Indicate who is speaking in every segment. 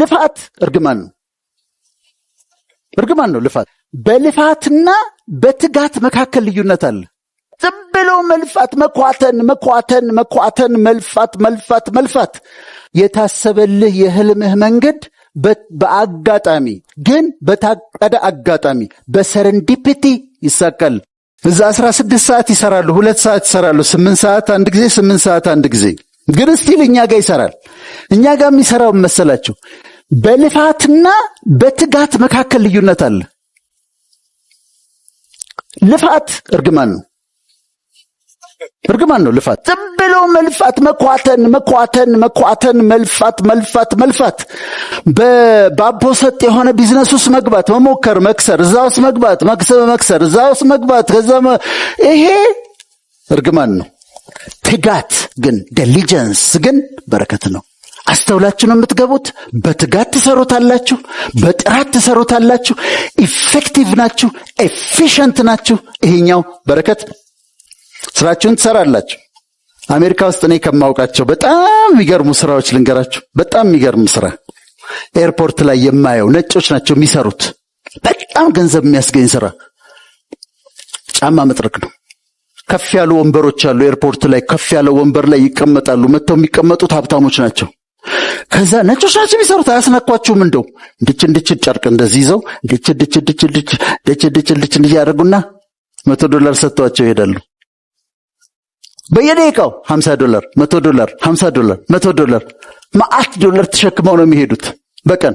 Speaker 1: ልፋት እርግማን ነው። እርግማን ነው ልፋት። በልፋትና በትጋት መካከል ልዩነት አለ። ዝም ብሎ መልፋት፣ መኳተን፣ መኳተን፣ መኳተን፣ መልፋት፣ መልፋት፣ መልፋት የታሰበልህ የህልምህ መንገድ በአጋጣሚ ግን በታቀደ አጋጣሚ በሰረንዲፒቲ ይሳካል። እዛ ስድስት ሰዓት ይሰራሉ፣ ሁለት ሰዓት ይሰራሉ፣ 8 ሰዓት አንድ ጊዜ፣ 8 ሰዓት አንድ ጊዜ ስምንት ሰዓት አንድ ጊዜ ግን እስቲል እኛ ጋር ይሰራል። እኛ ጋር የሚሰራው መሰላችሁ በልፋትና በትጋት መካከል ልዩነት አለ። ልፋት እርግማን ነው፣ እርግማን ነው ልፋት። ዝም ብሎ መልፋት፣ መኳተን፣ መኳተን፣ መኳተን፣ መልፋት፣ መልፋት፣ መልፋት፣ በባቦ ሰጥ የሆነ ቢዝነስ ውስጥ መግባት፣ መሞከር፣ መክሰር፣ እዛ ውስጥ መግባት፣ መክሰር፣ እዛ ውስጥ መግባት፣ ከዛ ይሄ እርግማን ነው። ትጋት ግን ዲሊጀንስ ግን በረከት ነው። አስተውላችሁ ነው የምትገቡት። በትጋት ትሰሩታላችሁ፣ በጥራት ትሰሩታላችሁ፣ ኢፌክቲቭ ናችሁ፣ ኤፊሽንት ናችሁ። ይሄኛው በረከት ስራችሁን ትሰራላችሁ። አሜሪካ ውስጥ እኔ ከማውቃቸው በጣም የሚገርሙ ስራዎች ልንገራችሁ። በጣም የሚገርም ስራ ኤርፖርት ላይ የማየው ነጮች ናቸው የሚሰሩት። በጣም ገንዘብ የሚያስገኝ ስራ ጫማ መጥረግ ነው። ከፍ ያሉ ወንበሮች አሉ። ኤርፖርት ላይ ከፍ ያለ ወንበር ላይ ይቀመጣሉ። መጥተው የሚቀመጡት ሀብታሞች ናቸው። ከዛ ነጮች ናቸው የሚሰሩት፣ አያስነኳችሁም። እንደው እንድች እንድች ጨርቅ እንደዚህ ይዘው እንድች እንድች እንድች እንድች እንድች እንድች ያደርጉና መቶ ዶላር ሰጥተዋቸው ይሄዳሉ። በየደቂቃው ሀምሳ ዶላር፣ መቶ ዶላር፣ ሀምሳ ዶላር፣ መቶ ዶላር ማአት ዶላር ተሸክመው ነው የሚሄዱት በቀን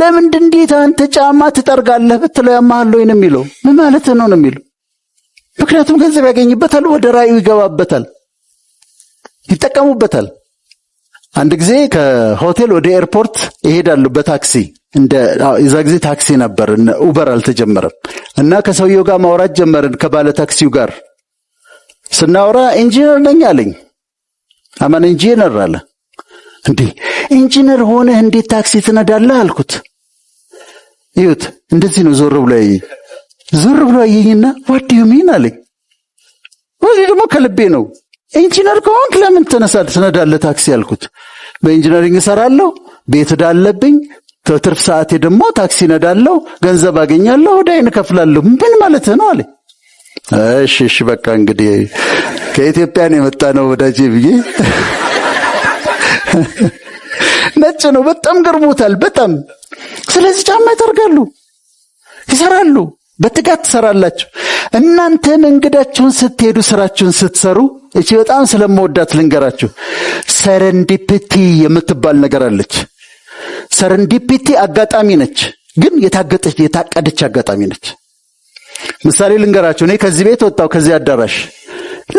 Speaker 1: ለምንድን እንዴት አንተ ጫማ ትጠርጋለህ ብትለው ያማሃል ወይ ነው የሚለው ምን ማለት ነው ነው የሚለው ምክንያቱም ገንዘብ ያገኝበታል፣ ወደ ራእዩ ይገባበታል፣ ይጠቀሙበታል። አንድ ጊዜ ከሆቴል ወደ ኤርፖርት ይሄዳሉ በታክሲ እንደ ጊዜ ታክሲ ነበር፣ ኡበር አልተጀመረም። እና ከሰውየው ጋር ማውራት ጀመርን፣ ከባለ ታክሲው ጋር ስናወራ ኢንጂነር ነኝ አለኝ። አማን ኢንጂነር አለ። እንዴ ኢንጂነር ሆነህ እንዴት ታክሲ ትነዳለህ አልኩት። ይሁት እንደዚህ ነው ዞር ብሎ ዞር ብሎ አየኝና ዋዲዩ ሚን አለኝ። ደግሞ ከልቤ ነው። ኢንጂነር ከሆንክ ለምን ተነሳ ትነዳለህ ታክሲ አልኩት። በኢንጂነሪንግ እሰራለሁ፣ ቤት ዕዳ አለብኝ፣ ትርፍ ሰዓቴ ደግሞ ታክሲ ነዳለሁ፣ ገንዘብ አገኛለሁ፣ ዕዳዬን እከፍላለሁ። ምን ማለት ነው አለኝ። እሺ እሺ በቃ እንግዲህ ከኢትዮጵያ ነው የመጣ ነው ወዳጄ ብዬ ነጭ ነው። በጣም ገርሞታል በጣም ስለዚህ ጫማ ያደርጋሉ ይሰራሉ በትጋት ትሰራላችሁ። እናንተ መንገዳችሁን ስትሄዱ ስራችሁን ስትሰሩ፣ እቺ በጣም ስለመወዳት ልንገራችሁ። ሰረንዲፒቲ የምትባል ነገር አለች። ሰረንዲፒቲ አጋጣሚ ነች፣ ግን የታገጠች የታቀደች አጋጣሚ ነች። ምሳሌ ልንገራችሁ። እኔ ከዚህ ቤት ወጣሁ፣ ከዚህ አዳራሽ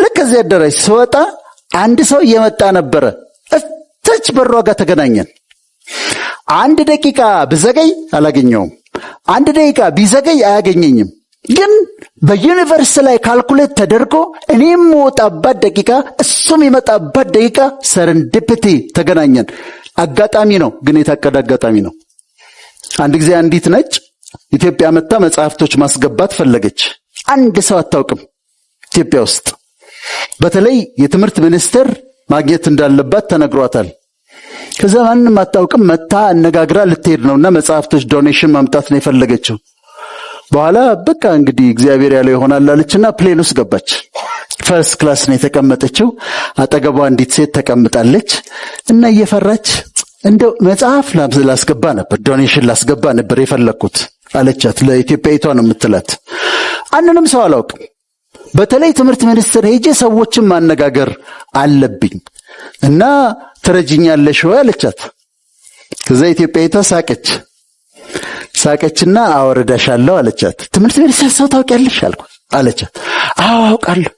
Speaker 1: ልክ ከዚህ አዳራሽ ስወጣ አንድ ሰው እየመጣ ነበረ። እተች በሯ ጋር ተገናኘን። አንድ ደቂቃ ብዘገይ አላገኘውም። አንድ ደቂቃ ቢዘገይ አያገኘኝም። ግን በዩኒቨርስ ላይ ካልኩሌት ተደርጎ እኔ የምወጣባት ደቂቃ እሱም የመጣባት ደቂቃ ሰርንድፕቲ ተገናኘን። አጋጣሚ ነው፣ ግን የታቀደ አጋጣሚ ነው። አንድ ጊዜ አንዲት ነጭ ኢትዮጵያ መታ መጽሐፍቶች ማስገባት ፈለገች። አንድ ሰው አታውቅም ኢትዮጵያ ውስጥ። በተለይ የትምህርት ሚኒስቴር ማግኘት እንዳለባት ተነግሯታል። ከዛ ማንም አታውቅም። መታ አነጋግራ ልትሄድ ነውና መጽሐፍቶች ዶኔሽን ማምጣት ነው የፈለገችው። በኋላ በቃ እንግዲህ እግዚአብሔር ያለው ይሆናል አለችና ፕሌን ውስጥ ገባች። ፈርስት ክላስ ነው የተቀመጠችው። አጠገቧ አንዲት ሴት ተቀምጣለች እና እየፈራች እንደው መጽሐፍ ላስገባ ነበር ዶኔሽን ላስገባ ነበር የፈለግኩት አለቻት። ለኢትዮጵያዊቷ ነው የምትላት። አንንም ሰው አላውቅም። በተለይ ትምህርት ሚኒስቴር ሄጄ ሰዎችን ማነጋገር አለብኝ እና ትረጅኛለሽ ወይ አለቻት። ከዛ ኢትዮጵያዊቷ ሳቀች ሳቀችና አወርዳሻለሁ አለቻት። ትምህርት ቤት ሰልሰው ታውቂያለሽ አልኩ አለቻት። አዎ አውቃለሁ።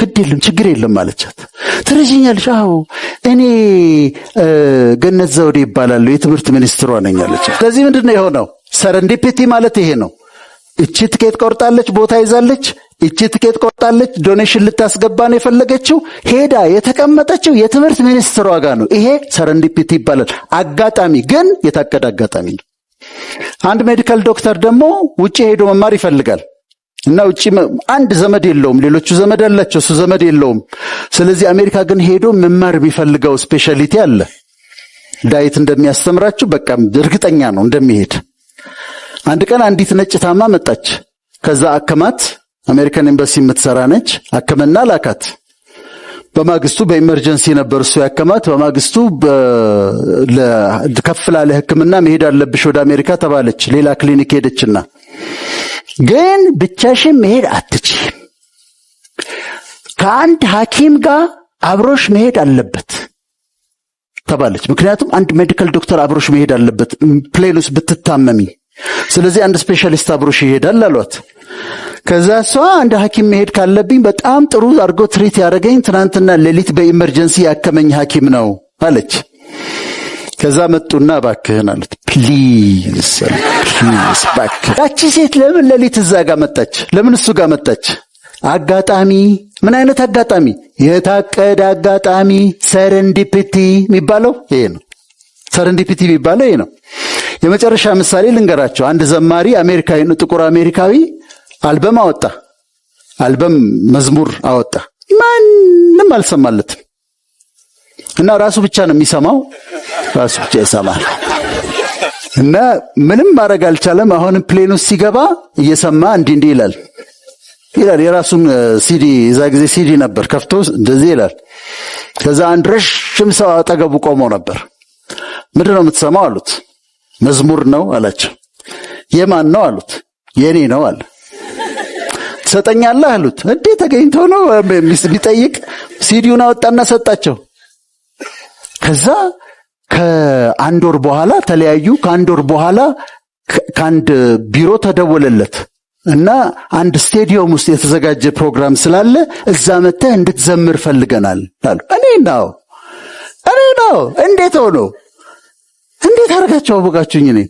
Speaker 1: ግድ የለም ችግር የለም አለቻት። ትረጅኛለሽ? አዎ እኔ ገነት ዘውዴ ይባላለሁ የትምህርት ሚኒስትሯ ነኝ አለቻት። ከዚህ ምንድን ነው የሆነው? ሰረንዲፒቲ ማለት ይሄ ነው። እቺ ትኬት ቆርጣለች፣ ቦታ ይዛለች እቺ ትኬት ቆርጣለች፣ ዶኔሽን ልታስገባ ነው የፈለገችው። ሄዳ የተቀመጠችው የትምህርት ሚኒስትሯ ጋር ነው። ይሄ ሰረንዲፒቲ ይባላል። አጋጣሚ ግን የታቀደ አጋጣሚ ነው። አንድ ሜዲካል ዶክተር ደግሞ ውጭ ሄዶ መማር ይፈልጋል እና ውጭ አንድ ዘመድ የለውም። ሌሎቹ ዘመድ አላቸው፣ እሱ ዘመድ የለውም። ስለዚህ አሜሪካ ግን ሄዶ መማር የሚፈልገው ስፔሻሊቲ አለ። ዳይት እንደሚያስተምራችሁ በቃ እርግጠኛ ነው እንደሚሄድ። አንድ ቀን አንዲት ነጭ ታማ መጣች። ከዛ አከማት አሜሪካን ኤምባሲ የምትሰራ ነች። አከመና ላካት። በማግስቱ በኢመርጀንሲ ነበር እሱ ያከማት። በማግስቱ ከፍላ ላለ መሄድ አለብሽ ወደ አሜሪካ ተባለች። ሌላ ክሊኒክ ሄደችና ግን ብቻሽን መሄድ አትችም፣ ከአንድ ሐኪም ጋር አብሮሽ መሄድ አለበት ተባለች። ምክንያቱም አንድ ሜዲካል ዶክተር አብሮሽ መሄድ አለበት ፕሌን ውስጥ ብትታመሚ። ስለዚህ አንድ ስፔሻሊስት አብሮሽ ይሄዳል አሏት። ከዛ እሷ አንድ ሐኪም መሄድ ካለብኝ በጣም ጥሩ አድርጎ ትሪት ያደረገኝ ትናንትና ሌሊት በኢመርጀንሲ ያከመኝ ሐኪም ነው አለች። ከዛ መጡና እባክህን አሉት። ፕሊዝ ፕሊዝ እባክህ። ያቺ ሴት ለምን ሌሊት እዛ ጋር መጣች? ለምን እሱ ጋር መጣች? አጋጣሚ። ምን አይነት አጋጣሚ? የታቀደ አጋጣሚ። ሰረንዲፒቲ የሚባለው ይሄ ነው። ሰረንዲፒቲ የሚባለው ይሄ ነው። የመጨረሻ ምሳሌ ልንገራቸው። አንድ ዘማሪ አሜሪካዊ፣ ጥቁር አሜሪካዊ አልበም አወጣ፣ አልበም መዝሙር አወጣ። ማንም አልሰማለትም እና ራሱ ብቻ ነው የሚሰማው፣ ራሱ ብቻ ይሰማል እና ምንም ማድረግ አልቻለም። አሁንም ፕሌኑ ሲገባ እየሰማ እንዲህ እንዲህ ይላል ይላል የራሱን ሲዲ እዛ ጊዜ ሲዲ ነበር ከፍቶ እንደዚህ ይላል። ከዛ አንድ ረዥም ሰው አጠገቡ ቆሞ ነበር። ምንድን ነው የምትሰማው አሉት። መዝሙር ነው አላቸው። የማን ነው አሉት። የኔ ነው አለ። ትሰጠኛለህ አሉት። እንዴ ተገኝቶ ነው የሚጠይቅ። ሲዲውን አወጣና ሰጣቸው። ከዛ ከአንድ ወር በኋላ ተለያዩ። ከአንድ ወር በኋላ ከአንድ ቢሮ ተደወለለት እና አንድ ስቴዲየም ውስጥ የተዘጋጀ ፕሮግራም ስላለ እዛ መጥተህ እንድትዘምር ፈልገናል አሉ። እኔ ነው እኔ ነው እንዴት ሆኖ እንዴት አድርጋቸው አወቃችሁኝ እኔን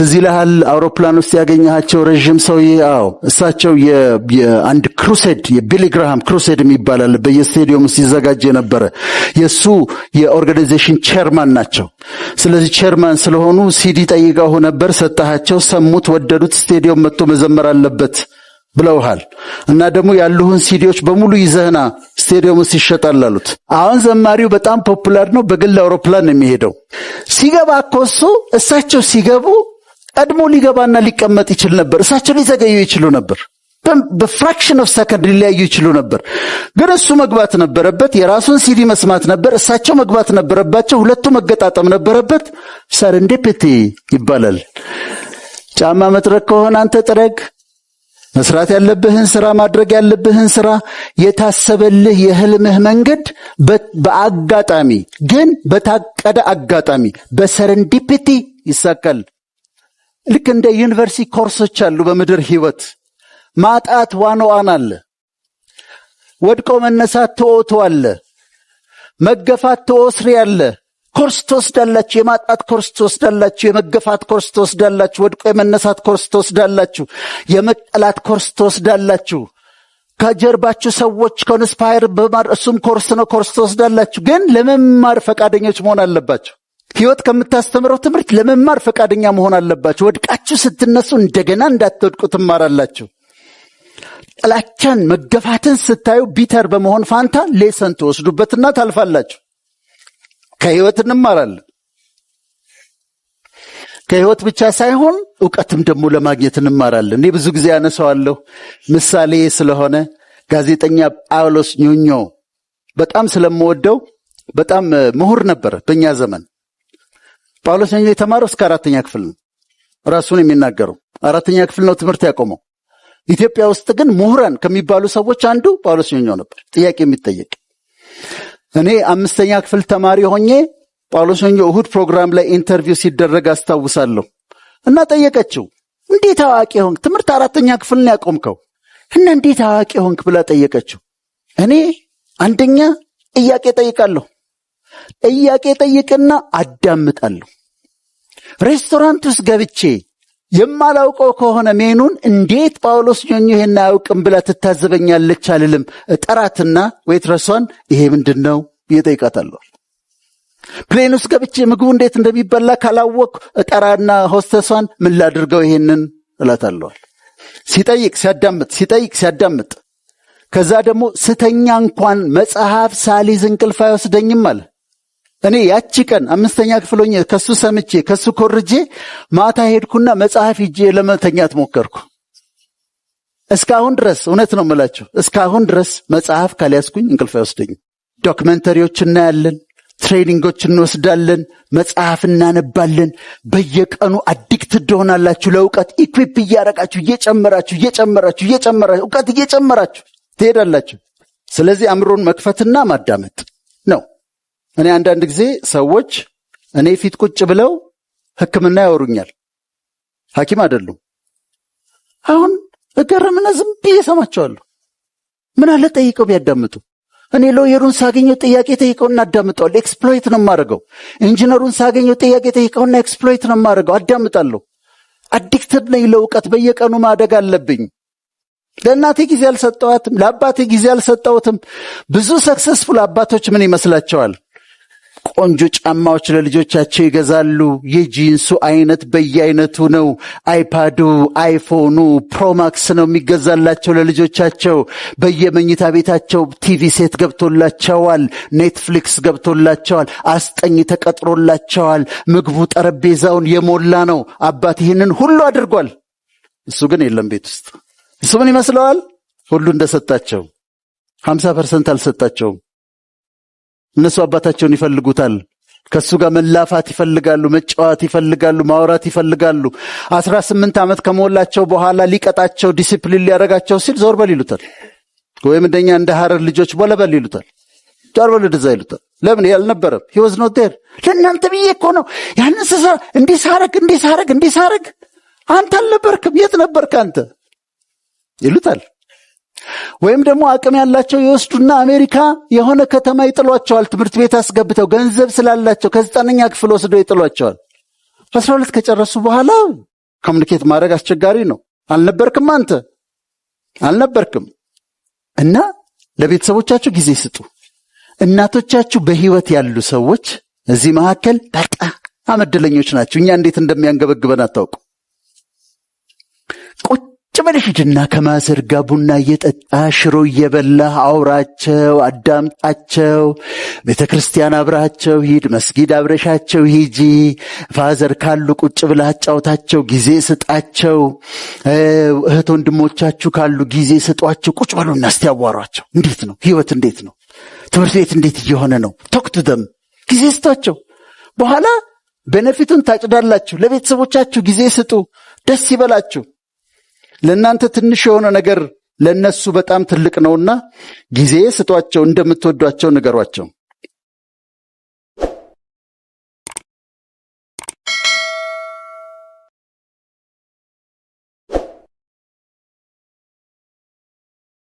Speaker 1: ትዝ ይልሃል አውሮፕላን ውስጥ ያገኘሃቸው ረዥም ሰውዬ? አዎ፣ እሳቸው የአንድ ክሩሴድ የቢሊግራሃም ክሩሴድ የሚባል በየስቴዲየም ውስጥ ይዘጋጅ የነበረ የእሱ የኦርጋናይዜሽን ቼርማን ናቸው። ስለዚህ ቼርማን ስለሆኑ ሲዲ ጠይቀው ነበር፣ ሰጠሃቸው፣ ሰሙት፣ ወደዱት፣ ስቴዲየም መጥቶ መዘመር አለበት ብለውሃል። እና ደግሞ ያሉህን ሲዲዎች በሙሉ ይዘህና ስቴዲየም ውስጥ ይሸጣል አሉት። አሁን ዘማሪው በጣም ፖፑላር ነው፣ በግል አውሮፕላን የሚሄደው። ሲገባ እኮ እሱ እሳቸው ሲገቡ ቀድሞ ሊገባና ሊቀመጥ ይችል ነበር። እሳቸው ሊዘገዩ ይችሉ ነበር። በፍራክሽን ኦፍ ሰከንድ ሊለያዩ ይችሉ ነበር። ግን እሱ መግባት ነበረበት። የራሱን ሲዲ መስማት ነበር። እሳቸው መግባት ነበረባቸው። ሁለቱ መገጣጠም ነበረበት። ሰርንዴፒቲ ይባላል። ጫማ መጥረግ ከሆነ አንተ ጥረግ። መስራት ያለብህን ስራ፣ ማድረግ ያለብህን ስራ። የታሰበልህ የህልምህ መንገድ በአጋጣሚ ግን በታቀደ አጋጣሚ በሰርንዲፒቲ ይሳካል። ልክ እንደ ዩኒቨርሲቲ ኮርሶች አሉ። በምድር ህይወት ማጣት ዋንዋን አለ፣ ወድቆ መነሳት ተወቶ አለ፣ መገፋት ተወስሪ አለ። ኮርስ ትወስዳላችሁ፣ የማጣት ኮርስ ትወስዳላችሁ፣ የመገፋት ኮርስ ትወስዳላችሁ፣ ወድቆ የመነሳት ኮርስ ትወስዳላችሁ፣ የመጠላት ኮርስ ትወስዳላችሁ። ከጀርባችሁ ሰዎች ከንስፓየር በማር እሱም ኮርስ ነው፣ ኮርስ ትወስዳላችሁ። ግን ለመማር ፈቃደኞች መሆን አለባቸው። ህይወት ከምታስተምረው ትምህርት ለመማር ፈቃደኛ መሆን አለባቸው ወድቃችሁ ስትነሱ እንደገና እንዳትወድቁ ትማራላችሁ። ጥላቻን፣ መገፋትን ስታዩ ቢተር በመሆን ፋንታ ሌሰን ትወስዱበትና ታልፋላችሁ። ከህይወት እንማራለን። ከህይወት ብቻ ሳይሆን እውቀትም ደግሞ ለማግኘት እንማራለን። እኔ ብዙ ጊዜ ያነሳዋለሁ፣ ምሳሌ ስለሆነ ጋዜጠኛ ጳውሎስ ኞኞ በጣም ስለምወደው በጣም ምሁር ነበረ በእኛ ዘመን ጳውሎስ የተማረው እስከ አራተኛ ክፍል ነው። ራሱን የሚናገረው አራተኛ ክፍል ነው ትምህርት ያቆመው። ኢትዮጵያ ውስጥ ግን ምሁራን ከሚባሉ ሰዎች አንዱ ጳውሎስ ኞኞ ነበር፣ ጥያቄ የሚጠየቅ እኔ አምስተኛ ክፍል ተማሪ ሆኜ ጳውሎስ ኞኞ እሁድ ፕሮግራም ላይ ኢንተርቪው ሲደረግ አስታውሳለሁ። እና ጠየቀችው፣ እንዴት አዋቂ ሆንክ? ትምህርት አራተኛ ክፍል ነው ያቆምከው እና እንዴት አዋቂ ሆንክ ብላ ጠየቀችው። እኔ አንደኛ ጥያቄ ጠይቃለሁ ጥያቄ ጠይቅና አዳምጣለሁ። ሬስቶራንት ውስጥ ገብቼ የማላውቀው ከሆነ ሜኑን እንዴት ጳውሎስ ኞኞ ይሄን አያውቅም ብላ ትታዘበኛለች አልልም። ጠራትና ዌትረሷን ይሄ ምንድን ነው ብዬ እጠይቃታለሁ። ፕሌን ውስጥ ገብቼ ምግቡ እንዴት እንደሚበላ ካላወቅ እጠራና ሆስተሷን ምን ላድርገው ይሄንን እላታለዋል። ሲጠይቅ ሲያዳምጥ ሲጠይቅ ሲያዳምጥ ከዛ ደግሞ ስተኛ እንኳን መጽሐፍ ሳሊዝ እንቅልፍ አይወስደኝም አለ። እኔ ያቺ ቀን አምስተኛ ክፍል ሆኜ ከሱ ሰምቼ ከሱ ኮርጄ ማታ ሄድኩና መጽሐፍ ሂጄ ለመተኛት ሞከርኩ። እስካሁን ድረስ እውነት ነው የምላችሁ፣ እስካሁን ድረስ መጽሐፍ ካልያዝኩኝ እንቅልፍ አይወስደኝም። ዶክመንተሪዎች እናያለን፣ ትሬኒንጎች እንወስዳለን፣ መጽሐፍ እናነባለን። በየቀኑ አዲክት ትሆናላችሁ ለእውቀት። ኢኩዊፕ እያረቃችሁ እየጨመራችሁ እየጨመራችሁ እየጨመራችሁ እውቀት እየጨመራችሁ ትሄዳላችሁ። ስለዚህ አእምሮን መክፈትና ማዳመጥ ነው። እኔ አንዳንድ ጊዜ ሰዎች እኔ ፊት ቁጭ ብለው ሕክምና ያወሩኛል። ሐኪም አይደሉም። አሁን እገረምና ዝም ብዬ እሰማቸዋለሁ። ምን አለ ጠይቀው ቢያዳምጡ። እኔ ሎየሩን ሳገኘው ጥያቄ ጠይቀውና እናዳምጠዋል። ኤክስፕሎይት ነው የማደርገው። ኢንጂነሩን ሳገኘው ጥያቄ ጠይቀውና ኤክስፕሎይት ነው የማደርገው፣ አዳምጣለሁ። አዲክትድ ነኝ ለእውቀት። በየቀኑ ማደግ አለብኝ። ለእናቴ ጊዜ አልሰጠዋትም፣ ለአባቴ ጊዜ አልሰጠውትም። ብዙ ሰክሰስፉል አባቶች ምን ይመስላቸዋል? ቆንጆ ጫማዎች ለልጆቻቸው ይገዛሉ። የጂንሱ አይነት በየአይነቱ ነው። አይፓዱ፣ አይፎኑ ፕሮማክስ ነው የሚገዛላቸው ለልጆቻቸው። በየመኝታ ቤታቸው ቲቪ ሴት ገብቶላቸዋል፣ ኔትፍሊክስ ገብቶላቸዋል፣ አስጠኝ ተቀጥሮላቸዋል። ምግቡ ጠረጴዛውን የሞላ ነው። አባት ይህንን ሁሉ አድርጓል። እሱ ግን የለም ቤት ውስጥ። እሱ ምን ይመስለዋል? ሁሉ እንደሰጣቸው ሀምሳ ፐርሰንት አልሰጣቸውም። እነሱ አባታቸውን ይፈልጉታል። ከሱ ጋር መላፋት ይፈልጋሉ፣ መጫወት ይፈልጋሉ፣ ማውራት ይፈልጋሉ። አስራ ስምንት ዓመት ከሞላቸው በኋላ ሊቀጣቸው ዲሲፕሊን ሊያደርጋቸው ሲል ዞር በል ይሉታል። ወይም እንደኛ እንደ ሀረር ልጆች ቦለበል ይሉታል። ዞር በል ወደዛ ይሉታል። ለምን ያልነበረም ህይወት ነው ዴር ለእናንተ ብዬ እኮ ነው ያንን ስሰ እንዲህ ሳረግ እንዲህ ሳረግ እንዲህ ሳረግ አንተ አልነበርክም፣ የት ነበርክ አንተ ይሉታል። ወይም ደግሞ አቅም ያላቸው የወስዱና አሜሪካ የሆነ ከተማ ይጥሏቸዋል። ትምህርት ቤት አስገብተው ገንዘብ ስላላቸው ከዘጠነኛ ክፍል ወስዶ ይጥሏቸዋል። አስራ ሁለት ከጨረሱ በኋላ ኮሚኒኬት ማድረግ አስቸጋሪ ነው። አልነበርክም አንተ አልነበርክም። እና ለቤተሰቦቻችሁ ጊዜ ስጡ። እናቶቻችሁ በህይወት ያሉ ሰዎች እዚህ መካከል በጣም አመደለኞች ናቸው። እኛ እንዴት እንደሚያንገበግበን አታውቁ። ከብልሽትና ከማሰር ጋር ቡና እየጠጣ ሽሮ እየበላ አውራቸው፣ አዳምጣቸው። ቤተ ክርስቲያን አብራቸው ሂድ፣ መስጊድ አብረሻቸው ሂጂ። ፋዘር ካሉ ቁጭ ብላ አጫውታቸው፣ ጊዜ ስጣቸው። እህት ወንድሞቻችሁ ካሉ ጊዜ ስጧቸው። ቁጭ በሉና እስቲ ያዋሯቸው። እንዴት ነው ህይወት? እንዴት ነው ትምህርት ቤት? እንዴት እየሆነ ነው? ቶክቱ ደም ጊዜ ስጧቸው። በኋላ ቤነፊቱን ታጭዳላችሁ። ለቤተሰቦቻችሁ ጊዜ ስጡ። ደስ ይበላችሁ። ለእናንተ ትንሽ የሆነ ነገር ለእነሱ በጣም ትልቅ ነውና ጊዜ ስጧቸው፣ እንደምትወዷቸው ንገሯቸው።